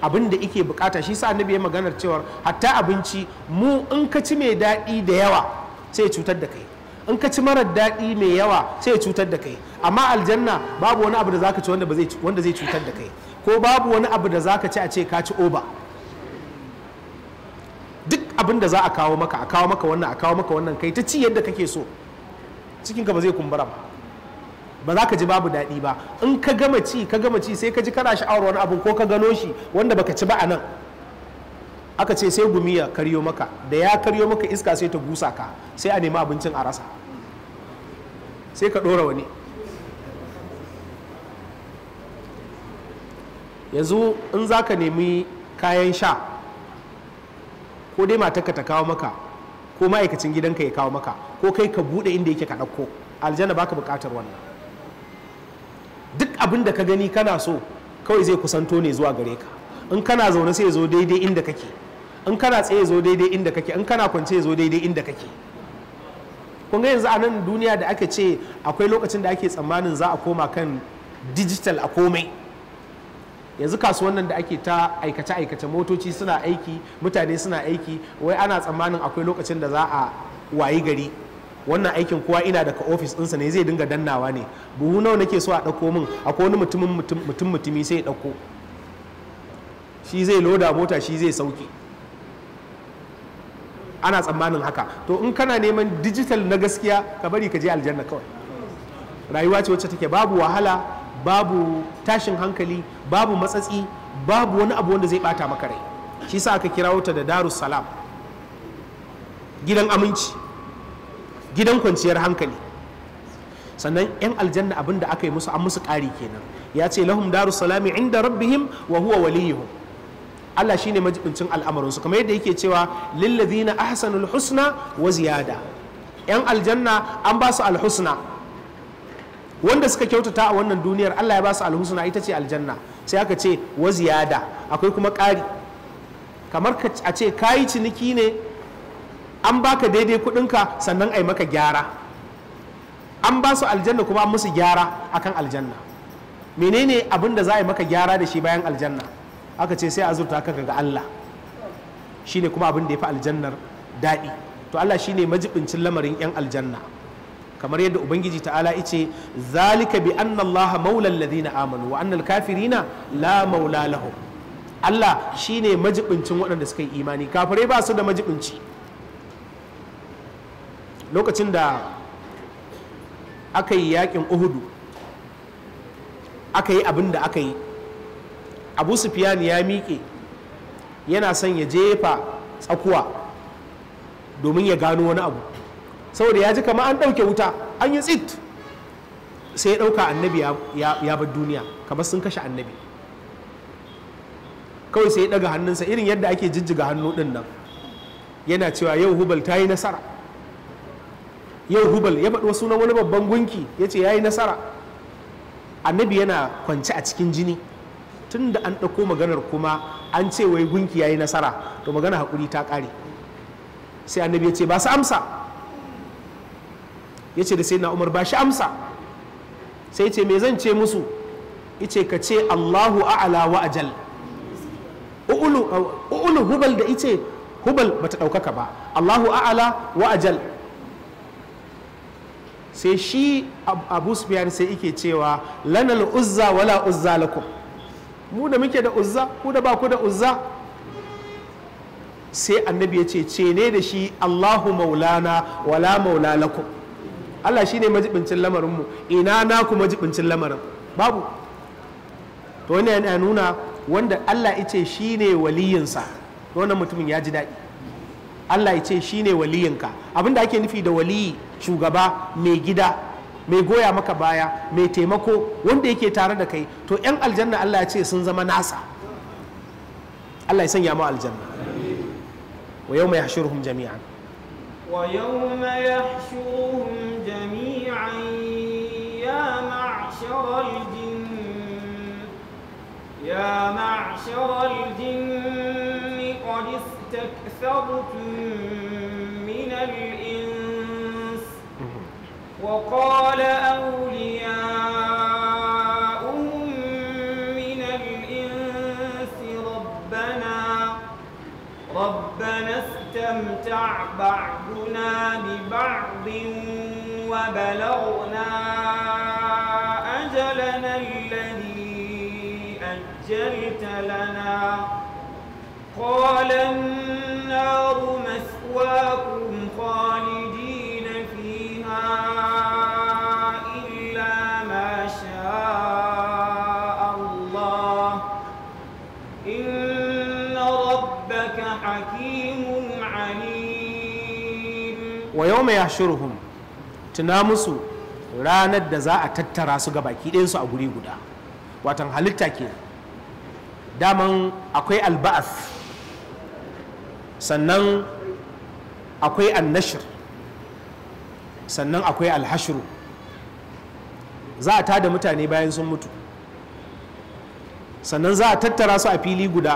S1: abin da ike buƙata shi sa annabi ya maganar cewa hatta abinci mu in ka ci mai daɗi da yawa sai cutar da kai in ka ci marar daɗi mai yawa sai cutar da kai amma aljanna babu wani abu da zaka ci wanda zai cutar da kai ko babu wani abu da zaka ci a ce ka ci oba duk abin da za a kawo maka a kawo maka wannan a kawo maka wannan kai ta ci yadda kake so cikinka ba zai kumbura ba ba za ka ji babu daɗi ba in ka gama ci ka gama ci sai ka ji kana sha'awar wani abu ko ka gano shi wanda baka ci ba a nan aka ce sai gumi ya karyo maka da ya karyo maka iska sai ta busa ka sai a nemi abincin a rasa sai ka ɗora wani yanzu in za ka nemi kayan sha ko dai matarka ta kawo maka ko ma'aikacin gidanka ya kawo maka ko kai ka buɗe inda yake ka ɗauko aljanna baka buƙatar wannan duk abin da ka gani kana so kawai zai kusanto ne zuwa gare ka in kana zaune sai ya zo daidai inda kake in kana tsaye zo daidai inda kake in kana kwance zo daidai inda kake kun yanzu a nan duniya da aka ce akwai lokacin da ake tsammanin za a koma kan digital a komai yanzu nan da ake ta aikace aikace motoci suna aiki mutane suna aiki wai ana tsammanin akwai lokacin da za a wayi gari wannan aikin kowa ina daga ofis ɗinsa ne zai dinga dannawa ne buhu nawa nake so a ɗauko min akwai wani mutumin mutum mutumi sai ya ɗauko shi zai loda mota shi zai sauke ana tsammanin haka to in kana neman digital na gaskiya ka bari ka je aljanna kawai rayuwa ce wacce take babu wahala babu tashin hankali babu matsatsi babu wani abu wanda zai bata maka rai shi sa aka kira ta da darussalam gidan aminci gidan kwanciyar hankali sannan yan aljanna abin da aka yi musu an musu ƙari kenan ya ce lahum daru salami inda rabbihim wa huwa waliyuhum Allah shine majibincin al'amarinsu kamar yadda yake cewa lillazina ahsanul husna wa ziyada yan aljanna an ba su alhusna wanda suka kyautata a wannan duniyar Allah ya ba su alhusna ita ce aljanna sai aka ce wa ziyada akwai kuma ƙari kamar a ce kayi ciniki ne an baka daidai kudinka sannan a yi maka gyara an ba su aljanna kuma an musu gyara akan aljanna menene abin da za a yi maka gyara da shi bayan aljanna aka ce sai azurta ka ga Allah shine kuma abin da ya fi aljannar daɗi to Allah shine majibincin lamarin 'yan aljanna kamar yadda ubangiji ta'ala ice zalika bi anna allaha maula ladina amanu wa anna alkafirina la maula lahum Allah shine majibincin waɗanda suka yi imani kafirai ba su da majibinci lokacin da aka yi yakin uhudu aka yi abin da aka yi abu sufiyan ya miƙe yana son ya jefa tsakuwa domin ya gano wani abu saboda ya ji kama an ɗauke wuta an yi tsit sai ya ɗauka annabi ya bar duniya kamar sun kashe annabi kawai sai ya ɗaga hannunsa irin yadda ake jijjiga hannu ɗin nan yana cewa yau hubal ta yi nasara yau hubal ya faɗi sunan wani babban gunki ya ce ya yi nasara annabi yana kwance a cikin jini tun da an ɗauko maganar kuma an ce wai gunki ya yi nasara to magana haƙuri ta ƙare sai annabi ya ce ba su amsa ya ce da sai na umar ba shi amsa sai ce me zan ce musu ice ka ce allahu a'ala wa ajal ulu hubal uh, da ice hubal bata ɗaukaka ba allahu a'ala wa ajal sai shi abu sufiyar sai yake cewa lanar uzza wala uzza lakum mu da muke da uzza ku da ba da uzza sai annabi ya ce ce ne da shi allahu maulana wala maula lakum allah shine majibincin lamarinmu ina naku majibincin lamarin babu to wani ya nuna wanda allah ya ce ne waliyinsa wannan mutumin ya ji daɗi Allah ya ce shi ne waliyinka abinda ake nufi da waliyi shugaba mai gida mai goya maka baya mai taimako wanda yake tare da kai to 'yan aljanna Allah ya ce sun zama nasa Allah ya sanya mu aljanna wa yau mai hashiruhum jami'an
S2: wa yau mai hashiruhum jami'an ya ya قد استكبروا مغفرة من الإنس وقال أولياء من الإنس ربنا ربنا استمتع بعضنا ببعض وبلغنا أجلنا الذي أجلت لنا قال النار مثواكم خالدين فيها إلا ما شاء الله إن ربك حكيم عليم
S1: ويوم يحشرهم تنامسوا ranar da za a tattara su ga baki ɗayansu a guri guda watan halitta ke, daman akwai alba'as sannan akwai annashir sannan akwai alhashiru za a tada mutane bayan sun mutu sannan za a tattara su a fili guda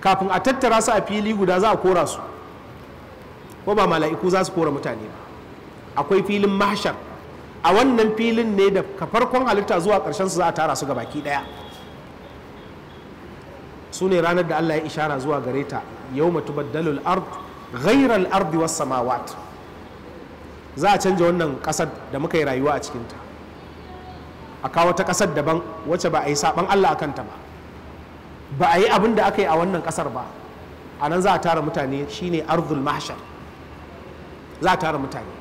S1: kafin a tattara su a fili guda za a kora su ko ba mala'iku za su kora mutane ba akwai filin mahshar a wannan filin ne da farkon halitta zuwa ƙarshen su za a tara su ga baki ɗaya su ne ranar da Allah ya ishara zuwa gare ta yau baddalul ard ghairal ard was samawat za a canja wannan kasar da muka yi rayuwa a cikinta a kawo ta kasar daban wacce ba a yi saban Allah a kanta ba ba a yi abin da aka yi a wannan kasar ba a nan za a tara mutane shine ardul mahshar za a tara mutane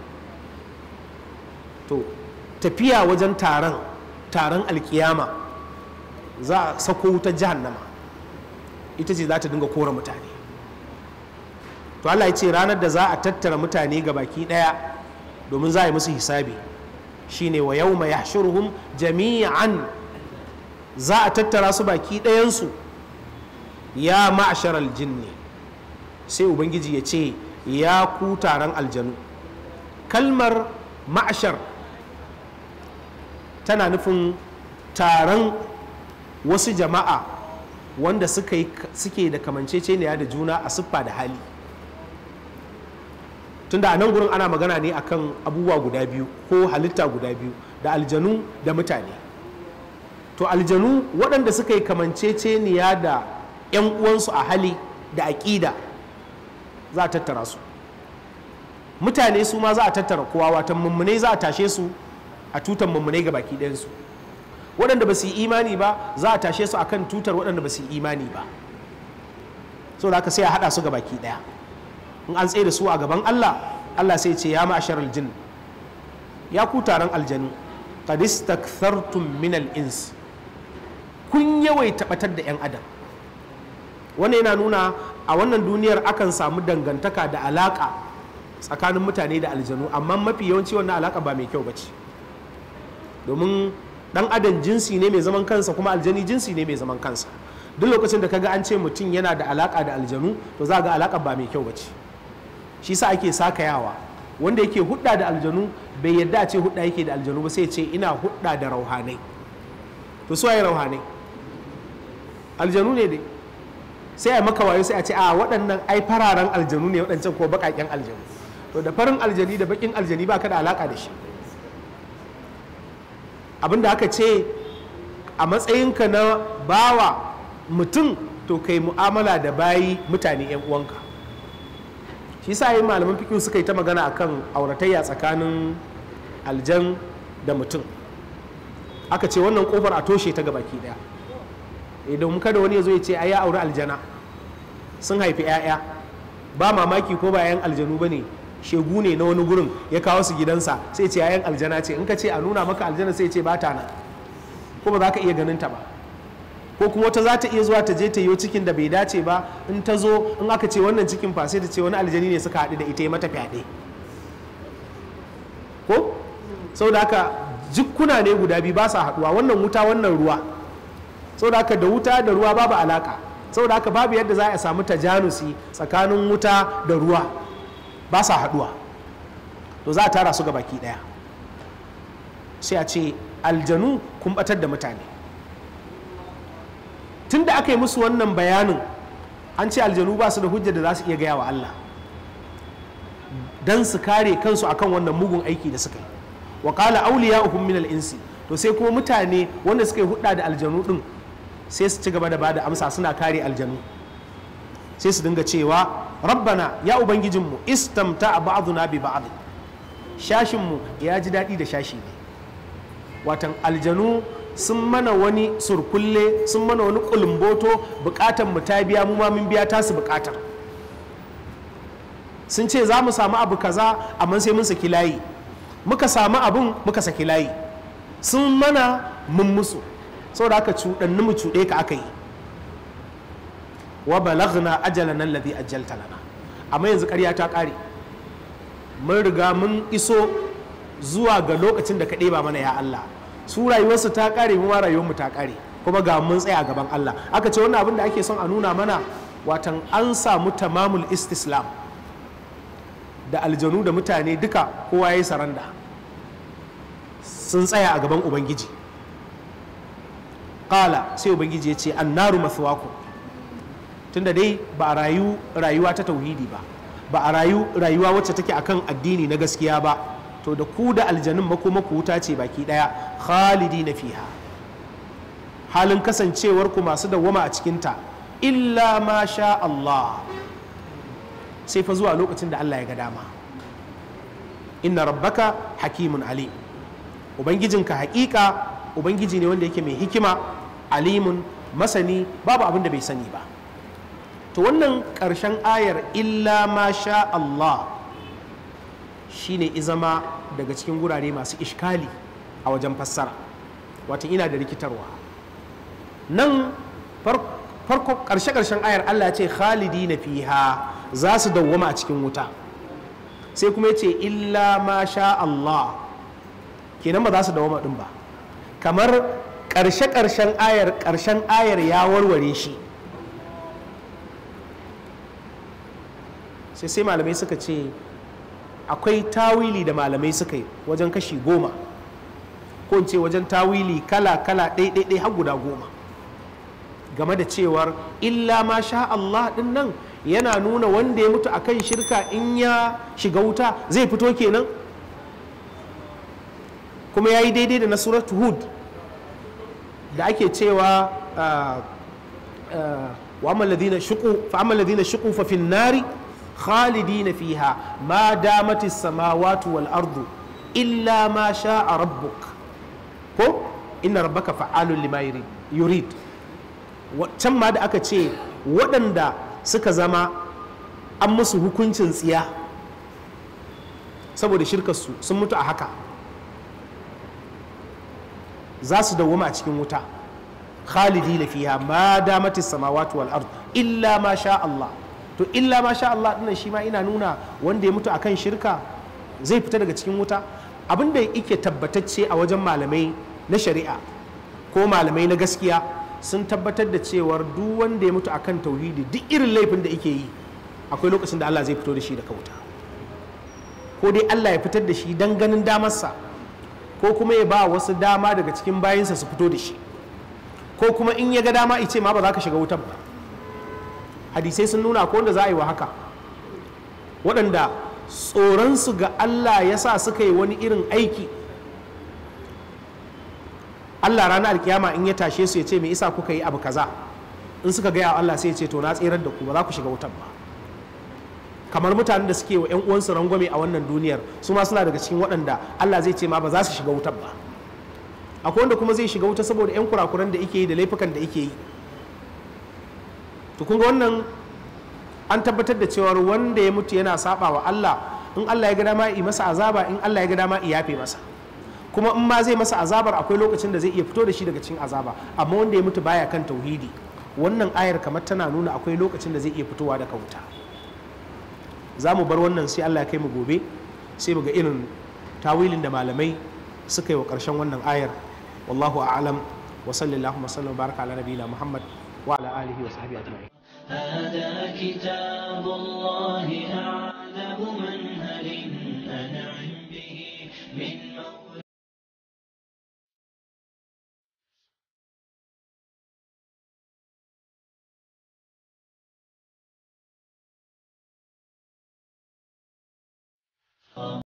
S1: to tafiya wajen taron taron alkiyama za a sako wutar jahannama ita ce za ta dinga kora mutane to Allah ya ce ranar da za a tattara mutane ga baki daya domin za a yi musu hisabi shine wa yau mai yahshuruhum jami'an za a tattara su baki ɗayansu ya ma'ashar aljinni sai ubangiji ya ce ya ku taron aljanu kalmar ma'ashar tana nufin taron wasu jama'a wanda suke da kamanceceniya da juna a siffa da hali tunda a nan gurin ana magana ne akan abubuwa guda biyu ko halitta guda biyu da aljanu da mutane to aljanu waɗanda suka yi kamanceceniya da 'yan uwansu a hali da aƙida za a tattara su mutane su ma za a tattara kowa watan mummune za a tashe su a tutan mummune ga baki su. waɗanda ba su yi imani ba za a tashe su akan tutar waɗanda ba su yi imani ba so da aka sai a haɗa su ga baki ɗaya in an tsaye da su a gaban Allah Allah sai ce ya ma'ashar aljin ya ku taron aljanu qad istakthartum min al-ins kun yawai batar da yan adam wannan yana nuna a wannan duniyar akan samu dangantaka da alaka tsakanin mutane da aljanu amma mafi yawanci wannan alaka ba mai kyau bace domin dan adam jinsi ne mai zaman kansa kuma aljani jinsi ne mai zaman kansa duk lokacin da kaga an ce mutum yana da alaka da aljanu to za ga alaka ba mai kyau ba ce shi sa ake sakayawa wanda yake hudda da aljanu bai yadda a ce hudda yake da aljanu ba sai ce ina hudda da rauhanai to su rauhanai aljanu ne dai sai a maka wayo sai a ce a waɗannan ai fararen aljanu ne waɗancan ko baƙaƙen aljanu to da farin aljani da baƙin aljani ba ka da alaka da shi abinda aka ce a matsayinka na bawa mutum to kai mu'amala da bayi mutane 'yan uwanka shi sa yi malaman fikin suka yi ta magana akan auratayya tsakanin aljan da mutum aka ce wannan kofar a toshe ta gabaki daya eh, idan da wani ya zo ya ce a ya auri aljana sun haifi 'ya'ya ba mamaki ko ba 'yan aljanu ba ne shegu ne na wani gurin ya kawo su gidansa sai ce yayan aljana ce in ka ce a nuna maka aljana sai ce ba ta nan ko ba za ka iya ganin ta ba ko kuma wata za ta iya zuwa ta je ta yi cikin da bai dace ba in ta zo in aka ce wannan cikin fa sai ta ce wani aljani ne suka haɗu da ita ya mata fyaɗe ko sau da haka jikkuna ne guda biyu ba sa haɗuwa wannan wuta wannan ruwa sau da haka da wuta da ruwa babu alaka da haka babu yadda za a samu tajanusi tsakanin wuta da ruwa ba sa haduwa to za a tara su ga baki daya sai a ce aljanu kun batar da mutane tun da aka yi musu wannan bayanin an ce aljanu ba su da hujja da za su iya gaya wa Allah don su kare kansu akan wannan mugun aiki da suka yi wa qala awliya'uhum min al-insi to sai kuma mutane wanda suka yi hudda da aljanu din sai su ci gaba da bada amsa suna kare aljanu sai su dinga cewa rabbana ya ubangijinmu istamta na bi ba'adu shashinmu ya ji daɗi da shashi ne watan aljanu sun mana wani surkulle sun mana wani kulumboto bukatan mu ta biya mu ma mun biya tasu bukatar sun ce za mu samu abu kaza amma sai mun saki layi muka samu abun muka saki layi sun mana mun musu saboda haka cuɗannu mu cuɗe ka aka yi wa balagna ajalan alladhi ajjalta lana amma yanzu ƙarya ta ƙare mun riga mun iso zuwa ga lokacin da ka ba mana ya Allah su rayuwarsu ta ƙare mu ma rayuwarmu ta ƙare kuma ga mun tsaya gaban Allah aka ce wannan abin da ake son a nuna mana watan an samu tamamul istislam da aljanu da mutane duka kowa ya saranda sun tsaya a gaban ubangiji ƙala sai ubangiji ya ce naru mathwaku tunda dai ba a rayu rayuwa ta tauhidi ba ba a rayu rayuwa wacce take akan addini na gaskiya ba to da ku da aljanun makomaku wuta ce baki daya khalidi na fiha halin kasancewar ku masu dawwama a cikin ta illa ma sha Allah sai fa zuwa lokacin da Allah ya ga dama inna rabbaka hakimun Ubangijin ubangijinka hakika ubangiji ne wanda yake mai hikima alimun masani babu abin da bai sani ba to wannan ƙarshen ayar illa ma sha Allah ne izama daga cikin gurare masu ishkali a wajen fassara wata ina da rikitarwa nan farko ƙarshe-ƙarshen ayar Allah ce khalidi na fiha za su dawwama a cikin wuta sai kuma ce illa ma sha Allah kenan ba za su dawwama ɗin ba kamar ƙarshe-ƙarshen ayar ƙarshen ayar ya warware shi sai sai malamai suka ce akwai tawili da malamai suka yi wajen kashi goma ko ce wajen tawili kala kala ɗaiɗaiɗai har guda goma game da cewar illa ma sha Allah ɗin nan yana nuna wanda ya mutu akan shirka in ya shiga wuta zai fito kenan kuma ya yi daidai da na hud da ake cewa ah, ah, wa amma shuku fa amma ladina shuku fa fin nari khalidina fiha ma damati samawati wal ardu illa ma sha'a rabbuk ko inna rabbaka fa'alun lima yurid can ma da aka ce waɗanda suka zama an musu hukuncin tsiya saboda shirkarsu sun mutu a haka za su dawwama a cikin wuta khalidi na fiha ma damati samawati wal ard illa ma sha Allah to illa ma sha Allah dinnan shi ma ina nuna wanda ya mutu akan shirka zai fita daga cikin wuta abin da yake tabbatacce a wajen malamai na shari'a ko malamai na gaskiya sun tabbatar da cewar duk wanda ya mutu akan tauhidi duk irin laifin da yake yi akwai lokacin da Allah zai fito da shi daga wuta ko dai Allah ya fitar da shi dan ganin damarsa ko kuma ya ba wasu dama daga cikin bayinsa su fito da shi ko kuma in ya ga dama ice ma ba za ka shiga wutar ba hadisai sun nuna ko wanda za a yi wa haka waɗanda tsoronsu ga Allah ya sa suka yi wani irin aiki Allah ranar alkiyama in ya tashe su ya ce me isa kuka yi abu kaza in suka gaya Allah sai ya ce to na tserar da ku ba za ku shiga wutan ba kamar mutanen da suke wa 'yan uwansu rangwame a wannan duniyar su ma suna daga cikin waɗanda Allah zai ce ma ba za su shiga wutan ba akwai wanda kuma zai shiga wuta saboda 'yan kurakuran da yake yi da laifukan da yake yi to wannan an tabbatar da cewar wanda ya mutu yana saba wa Allah in Allah ya ga dama yi masa azaba in Allah ya ga dama yafe masa kuma in ma zai masa azabar akwai lokacin da zai iya fito da shi daga cikin azaba amma wanda ya mutu baya kan tauhidi wannan ayar kamar tana nuna akwai lokacin da zai iya fitowa da wuta za mu bar wannan sai Allah ya kai mu gobe sai mu ga irin tawilin da malamai suka yi wa karshen wannan ayar wallahu a'lam wa sallallahu wa sallam baraka ala nabiyina muhammad وآله وصحبه أجمعين
S2: هذا كتاب الله أعلم منهل أنعم به من مولى